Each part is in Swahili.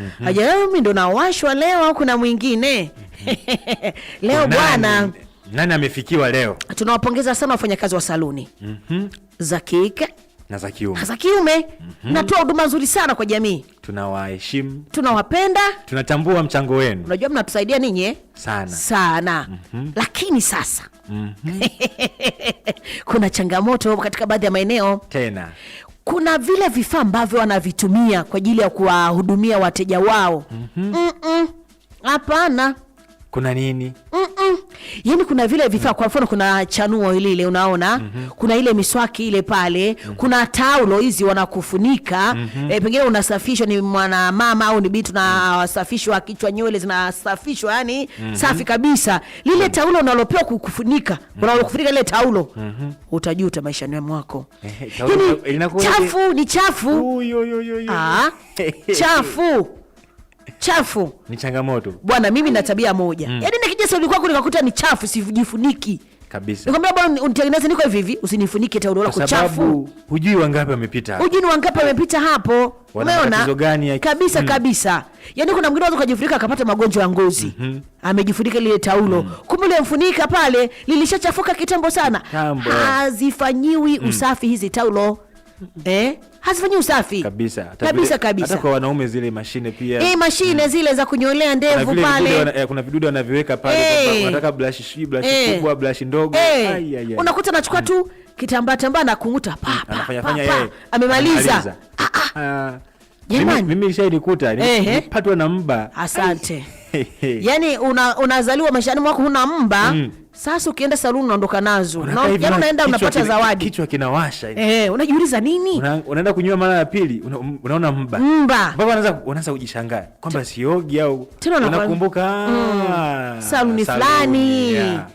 mm -hmm. Hajaelewa mimi ndo nawashwa leo au kuna mwingine mm -hmm. Leo bwana nani amefikiwa leo? Tunawapongeza sana wafanyakazi wa saluni mm -hmm. za kike na za kiume za kiume mm -hmm. Natoa huduma nzuri sana kwa jamii, tunawaheshimu, tunawapenda, tunatambua mchango wenu. Unajua mnatusaidia ninyi sana sana mm -hmm. Lakini sasa mm -hmm. kuna changamoto katika baadhi ya maeneo tena kuna vile vifaa ambavyo wanavitumia kwa ajili ya kuwahudumia wateja wao. Mhm. Hapana. mm -hmm. mm -mm. Kuna nini? mm -mm yani kuna vile vifaa, kwa mfano kuna chanuo ile ile unaona mm -hmm. kuna ile miswaki ile pale mm -hmm. kuna taulo hizi wanakufunika mm -hmm. E, pengine unasafishwa ni mwana mama au ni binti mhm. unasafishwa kichwa, nywele zinasafishwa yani mm -hmm. safi kabisa, lile mhm. taulo unalopewa kukufunika mm -hmm. unalokufunika ile taulo mm -hmm. utajuta maishani mwako eh, eh, yani, chafu ni chafu, ah, chafu chafu ni changamoto bwana. Mimi na tabia moja mm. yaani nikija saluni kwako nikakuta ni chafu, sijifuniki kabisa. Nikwambia bwana, unitengeneze niko hivi hivi, usinifunike taulo lako chafu. Hujui wangapi wamepita hujui ni wangapi wamepita hapo. Umeona kabisa mm. kabisa. Yaani kuna mwingine anaweza kujifunika akapata magonjwa ya ngozi mm -hmm. amejifunika lile taulo mm. kumbe ile mfunika pale lilishachafuka kitambo sana, hazifanyiwi mm. usafi hizi taulo eh hazifanyi usafi kabisa kabisa kabisa. kwa wanaume zile mashine pia eh, mashine hmm, zile za kunyolea ndevu pale, eh, kuna vidudu wanaviweka pale, hey, eh. unataka blush shi hey, eh. kubwa brush ndogo, hey, unakuta anachukua mm. tu kitambaa tambaa na kunguta pa anafanya fanya yeye amemaliza. Ah, ah. ah Jamani, mimi nishainikuta nilipatwa na mba. Asante. ay. yani una, unazaliwa maishani mwako huna mba mm. Sasa ukienda saluni unaondoka nazo na yani unaenda unapata zawadi, kichwa kinawasha eh, unajiuliza nini? Una, unaenda kunywa mara ya pili una, unaona mba mba, baba anaanza anaanza kujishangaa kwamba siogi au unakumbuka mm. Ah, saluni fulani yeah.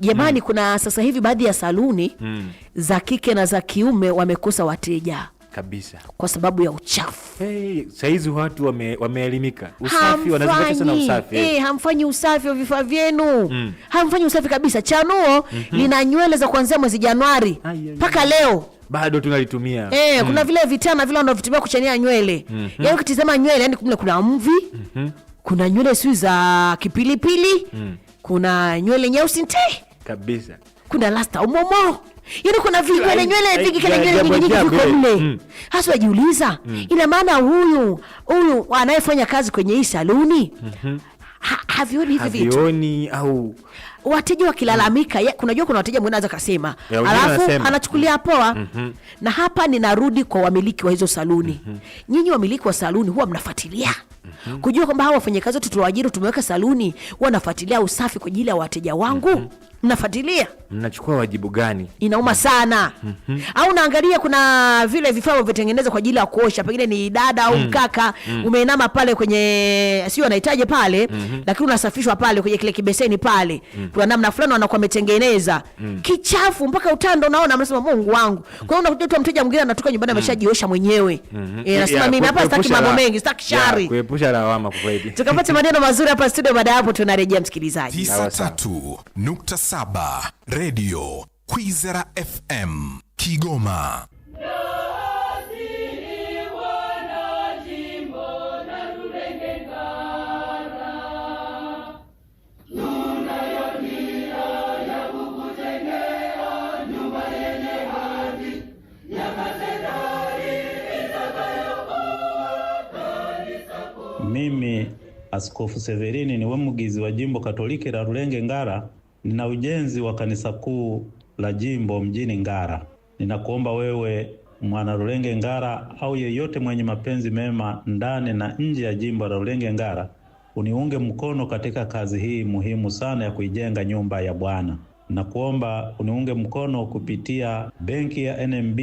Jamani mm. kuna sasa hivi baadhi ya saluni mm. za kike na za kiume wamekosa wateja kabisa kwa sababu ya uchafu. Hey, sahizi watu wame, wameelimika, usafi, usafi. sana eh, Hey, hamfanyi usafi wa vifaa vyenu mm. hamfanyi usafi kabisa. Chanuo mm -hmm. lina nywele za kuanzia mwezi Januari mpaka leo bado tunalitumia e, mm. kuna vile vitana vile wanavitumia kuchania nywele mm -hmm. yaani ukitizama nywele yani kumle kuna mvi mm -hmm. kuna nywele siu za kipilipili mm. kuna nywele nyeusi nte kabisa, kuna lasta umomo Yaani kuna vinywele nywele vingi kana nywele nyingi nyingi viko mle. Eh. Mm. Hasa wajiuliza, mm. ina maana huyu huyu anayefanya kazi kwenye hii saluni mhm havioni hivi vitu, havioni au wateja wakilalamika mm. Kunajua kuna wateja mwingine anaweza kasema, alafu anachukulia poa mm -hmm. Na hapa ninarudi kwa wamiliki wa hizo saluni mm -hmm. Nyinyi wamiliki wa saluni huwa mnafuatilia mm -hmm. kujua kwamba hawa wafanyakazi wote tuliwaajiri, tumeweka saluni, huwa nafuatilia usafi kwa ajili ya wateja wangu mm -hmm. Mnafuatilia, mnachukua wajibu gani? Inauma sana mm -hmm. Au naangalia kuna vile vifaa vinavyotengenezwa kwa ajili ya kuosha, pengine ni dada au mm. mkaka mm -hmm. Umeinama pale kwenye sio anahitaji pale mm -hmm. lakini lakini unasafishwa pale kwenye kile kibeseni pale mm. kuna namna fulani wanakuwa wametengeneza mm. kichafu mpaka utando unaona, mnasema Mungu wangu. Mm. Kwa hiyo unakuta mteja mwingine anatoka nyumbani mm. ameshajiosha mm. mwenyewe mm -hmm. nasema mimi hapa sitaki mambo mengi, sitaki shari, kuepusha lawama kwa kweli. Tukapata maneno mazuri hapa studio, baada hapo tunarejea msikilizaji 93.7 Radio Kwizera FM Kigoma. mimi Askofu Severini ni Wemugizi wa jimbo Katoliki la Rulenge Ngara, nina ujenzi wa kanisa kuu la jimbo mjini Ngara. Ninakuomba wewe mwana Rulenge Ngara au yeyote mwenye mapenzi mema ndani na nje ya jimbo la Rulenge Ngara uniunge mkono katika kazi hii muhimu sana ya kuijenga nyumba ya Bwana. Nakuomba uniunge mkono kupitia benki ya NMB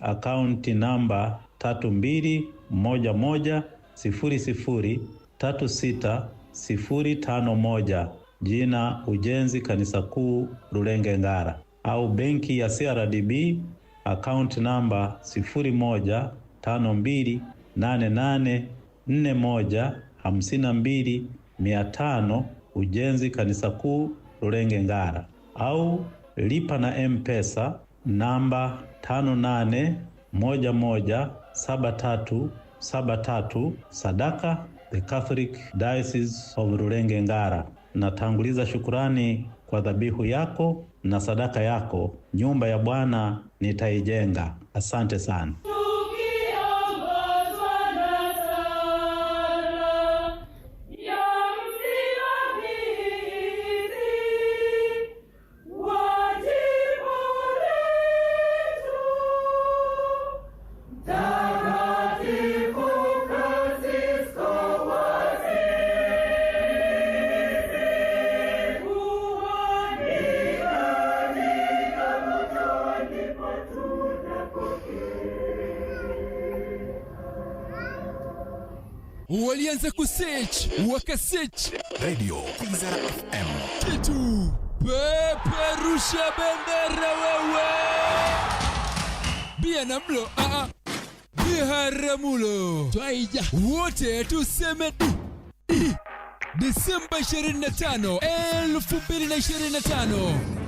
akaunti namba tatu mbili moja moja 00360501 jina Ujenzi Kanisa Kuu Rulenge Ngara, au benki ya CRDB akaunti namba 0152884152 Ujenzi Kanisa Kuu Rulenge Ngara, au lipa na Mpesa namba moja moja saba tatu 73 Sadaka The Catholic Diocese of Rulenge Ngara. Natanguliza shukurani kwa dhabihu yako na sadaka yako, nyumba ya Bwana nitaijenga. Asante sana. walianza kusearch wakasearch Radio Kwizera FM kitu peperusha bendera wewe bia na mlo aa biharamulo twaija wote tuseme du Disemba 25, 2025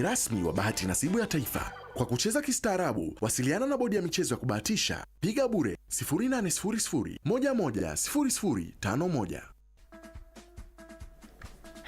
mchezaji rasmi wa bahati nasibu ya taifa. Kwa kucheza kistaarabu, wasiliana na bodi ya michezo ya kubahatisha. Piga bure 0800 11 0051.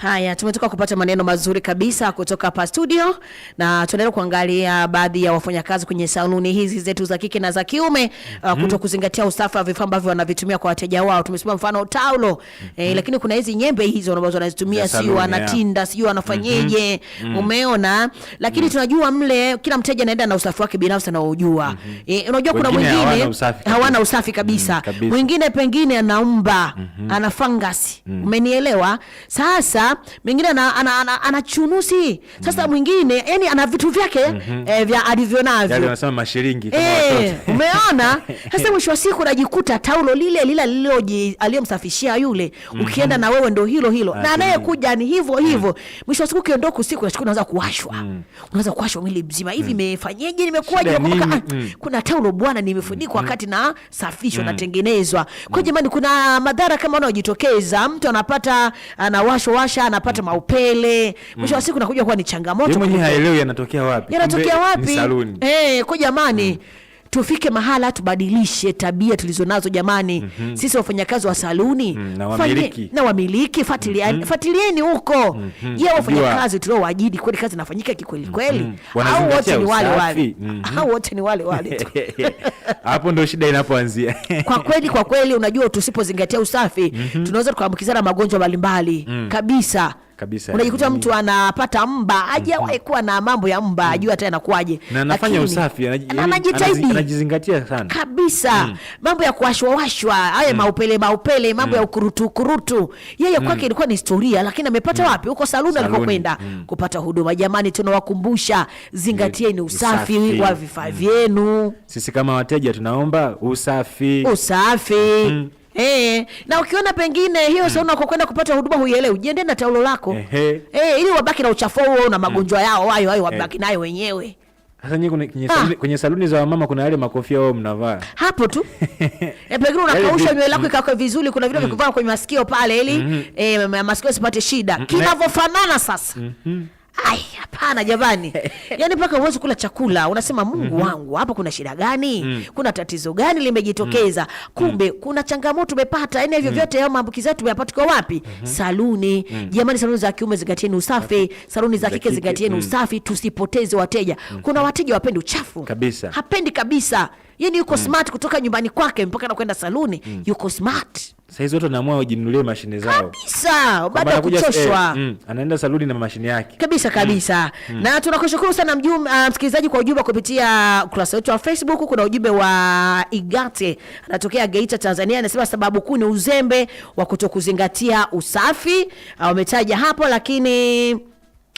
Haya, tumetoka kupata maneno mazuri kabisa kutoka hapa studio, na tunaenda kuangalia baadhi ya wafanyakazi kwenye saluni hizi zetu za kike na za kiume uh, mm -hmm. kuto kuzingatia usafi wa vifaa ambavyo wanavitumia kwa wateja wao. Tumesema mfano taulo mm -hmm. eh, mhm. lakini kuna hizi nyembe hizo ambazo wanazitumia, si wanatinda, si wanafanyeje, mhm. mm -hmm. mm -hmm. umeona. Lakini mm -hmm. tunajua mle kila mteja anaenda na usafi wake binafsi na ujua mm -hmm. eh, unajua kuna mwingine hawana usafi kabisa, mm, mwingine mm -hmm. pengine anaumba mm -hmm. ana fangasi mm -hmm. umenielewa sasa mwingine ana, ana, ana, ana chunusi sasa mhm. mwingine mm. yani ana vitu vyake mm -hmm. eh, vya alivyo navyo yani anasema mashilingi kama e, watoto umeona sasa mwisho wa siku unajikuta taulo lile lile aliyomsafishia yule mm -hmm. ukienda na wewe ndo hilo hilo na anayekuja ni hivyo hivyo mm. mwisho wa siku ukienda huko siku ya siku kuwashwa mm. unaanza kuwashwa mwili mzima hivi imefanyaje mm. mm. kuna taulo bwana nimefunikwa mm wakati na safishwa mm. natengenezwa kwa mm. jamani kuna madhara kama unaojitokeza mtu anapata anawashwa washa presha, anapata mm. maupele, mm. mwisho wa siku nakuja kuwa ni changamoto. Mwenyewe haelewi yanatokea wapi, yanatokea wapi? Eh, kwa jamani mm tufike mahala tubadilishe tabia tulizonazo jamani. mm -hmm. Sisi wafanyakazi wa saluni mm, na wamiliki, na wamiliki mhm. huko mm -hmm. Je, wafanyakazi kweli kazi inafanyika kikweli mhm. kweli mm -hmm. au wote ni wale wale mm -hmm. au wote ni wale wale tu hapo ndio shida inapoanzia. Kwa kweli kwa kweli, unajua tusipozingatia usafi mm -hmm. tunaweza tukaambukizana magonjwa mbalimbali mm. kabisa kabisa. Unajikuta mtu anapata mba, ajawahi kuwa na mambo ya mba, ajua hata anakuaje, na anafanya usafi, yaani anajitahidi, anajizingatia sana kabisa. Mm. Mambo ya kuwashwawashwa haya, mm. maupele maupele, mambo ya mm. ukurutu ukurutu, yeye kwake ilikuwa ni historia, lakini amepata wapi? Huko saluni alikokwenda kupata huduma. Jamani, tunawakumbusha zingatieni usafi wa vifaa vyenu. Sisi kama wateja tunaomba usafi, usafi. Mm-hmm. Eh, eh, na ukiona pengine hiyo hmm. kwa kwenda kupata huduma huielewi, jiende na taulo lako. Eh, ili wabaki na uchafu wao na hmm. magonjwa yao hayo hayo eh. wabaki nayo wenyewe. Sasa nyinyi kwenye ah. saluni, kwenye saluni za wamama kuna yale makofia wao mnavaa. Hapo tu. Eh, pengine unakausha nywele lako ikakae vizuri, kuna vile hmm. vya kwenye masikio pale ili eh, masikio sipate shida. Kinavyofanana sasa. Ai, hapana jamani, yaani mpaka huwezi kula chakula unasema Mungu mhm. wangu hapa kuna shida gani? Mm. kuna tatizo gani limejitokeza? Mm. kumbe mm. kuna changamoto umepata. Yaani hivyo vyote hayo maambukizi yetu yapatikwa wapi? Mhm. saluni. Jamani, saluni za kiume zingatieni usafi, saluni za kike zingatieni usafi, tusipoteze wateja. kuna wateja wapendi uchafu kabisa, hapendi kabisa yani yuko mm. smart kutoka nyumbani kwake mpaka nakwenda saluni mm. yuko smart. Saizi watu wanaamua wajinunulie mashine zao kabisa baada ya kuchoshwa eh, mm, anaenda saluni na mashine yake kabisa mm. kabisa mm. na tunakushukuru sana mjum, uh, msikilizaji kwa ujumbe kupitia ukurasa wetu wa Facebook. Kuna ujumbe wa Igate anatokea Geita, Tanzania, anasema sababu kuu ni uzembe wa kutokuzingatia usafi, uh, wametaja hapo lakini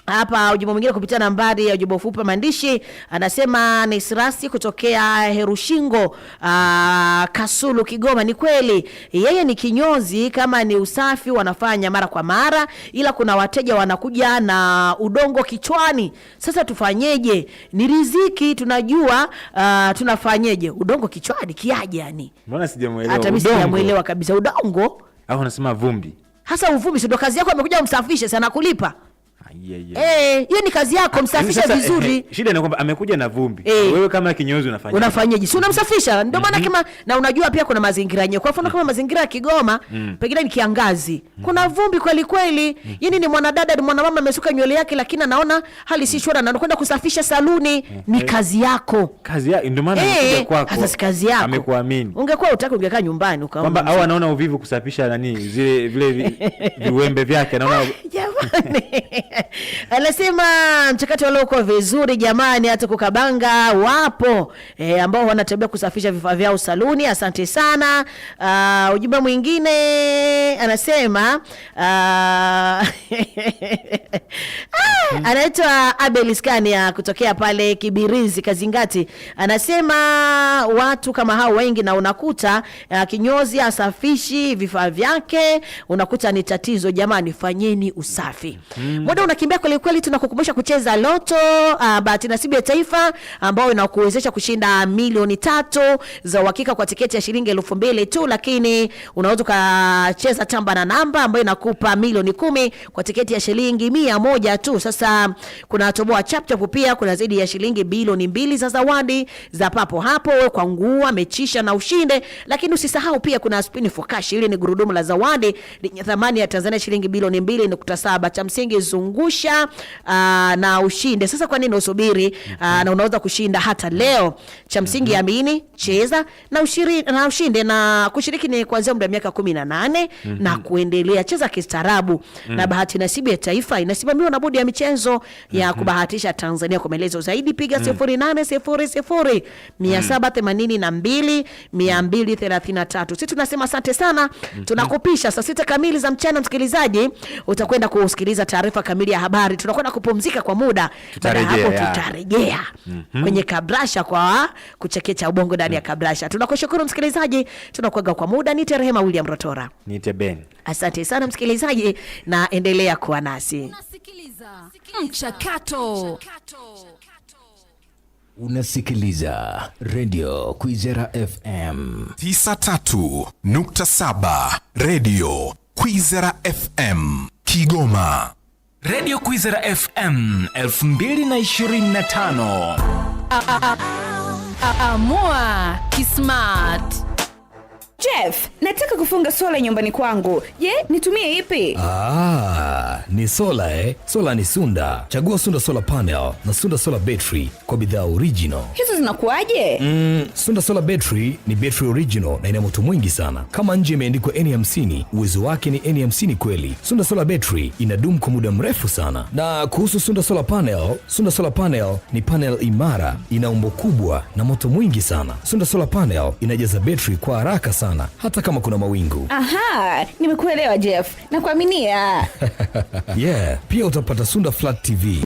hapa ujumbe mwingine kupitia nambari ya ujumbe ufupi maandishi, anasema ni Sirasi kutokea Herushingo, aa, ah, Kasulu, Kigoma. Ni kweli yeye ni kinyozi, kama ni usafi wanafanya mara kwa mara, ila kuna wateja wanakuja na udongo kichwani. Sasa tufanyeje? Ni riziki tunajua, aa, ah, tunafanyeje? Udongo kichwani kiaje? Yani mbona sijamuelewa, hata mimi sijamuelewa kabisa. Udongo au anasema vumbi? Hasa uvumbi, Sio kazi yako? Amekuja umsafishe sana, kulipa Eh, hiyo ni kazi yako, ah, msafishe eh, vizuri. Eh, shida ni kwamba amekuja na vumbi. wewe kama kinyozi unafanya unafanyaje? Si unamsafisha ndio maana mm-hmm. Kama na unajua pia kuna mazingira yenyewe, kwa mfano kama mm. mazingira ya Kigoma mm. pengine ni kiangazi, mm. kuna vumbi kweli kweli yani ni mwanadada ni mwanamama amesuka nywele yake, lakini anaona hali si shwari na anakwenda kusafisha saluni Ni kazi yako, kazi yako ndio maana anakuja kwako sasa kazi yako, amekuamini. Ungekuwa utaki ungekaa nyumbani ukaona kwamba au anaona uvivu kusafisha nani zile vile viwembe vyake anaona jamani anasema mchakato uliokuwa vizuri jamani, hata kukabanga wapo e, ambao wanatembea kusafisha vifaa vyao saluni. Asante sana. Uh, ujumbe mwingine anasema uh, anaitwa Abel Iskania kutokea pale Kibirizi Kazingati, anasema watu kama hao wengi, na unakuta uh, kinyozi asafishi vifaa vyake, unakuta ni tatizo jamani, fanyeni usafi mm. Muda unakimbia kweli kweli, tunakukumbusha kucheza loto uh, ah, bahati nasibu ya taifa ambayo inakuwezesha kushinda milioni tatu za uhakika kwa tiketi ya shilingi elfu mbili tu, lakini unaweza ukacheza tamba na namba ambayo inakupa milioni kumi kwa tiketi ya shilingi mia moja tu. Sasa kuna toboa chap chap, pia kuna zaidi ya shilingi bilioni mbili za zawadi za papo hapo kwa nguo, mechisha na ushinde. Lakini usisahau pia kuna spin for cash, ile ni gurudumu la zawadi lenye thamani ya Tanzania shilingi bilioni mbili nukta saba cha msingi zungu kuangusha aa, ah, na ushinde. Sasa kwa nini usubiri? Aa, ah, na unaweza kushinda hata leo. Cha msingi mm -hmm. amini, cheza na ushiri, na ushinde na kushiriki ni kuanzia umri wa miaka 18 mm -hmm. na mhm. kuendelea. Cheza kistaarabu mm -hmm. na mhm. bahati nasibu ya taifa inasimamiwa na bodi ya michezo ya mhm. kubahatisha Tanzania. Kwa maelezo zaidi piga 0800 mm -hmm. 782 233. Sisi tunasema asante sana, tunakupisha saa sita kamili za mchana. Msikilizaji utakwenda kusikiliza taarifa kamili familia habari, tunakwenda kupumzika kwa muda, baada hapo tutarejea mm -hmm. kwenye kabrasha kwa kuchekecha ubongo ndani ya mm -hmm. kabrasha. Tunakushukuru msikilizaji, tunakwaga kwa muda. Nite Rehema William Rotora, nite Ben. Asante sana msikilizaji, na endelea kuwa nasi. Mchakato. Unasikiliza Radio Kwizera FM 93.7, Radio Kwizera FM Kigoma. Radio Kwizera FM 2025. Amua Kismart. Jeff, nataka kufunga sola nyumbani kwangu. Je, nitumie ipi? Ah, ni sola eh? Sola ni Sunda. Chagua Sunda Solar Panel na Sunda Solar Battery kwa bidhaa original. Hizo zinakuaje Mm, Sunda Solar Battery ni battery original na ina moto mwingi sana. Kama nje imeandikwa N50, e uwezo wake ni N50 e kweli. Sunda Solar Battery inadumu kwa muda mrefu sana. Na kuhusu Sunda Solar Panel, Sunda Solar Panel ni panel imara, ina umbo kubwa na moto mwingi sana. Sunda Solar Panel inajaza battery kwa haraka sana sana hata kama kuna mawingu. Aha, nimekuelewa Jeff, nakuaminia. Yeah, pia utapata Sunda Flat TV.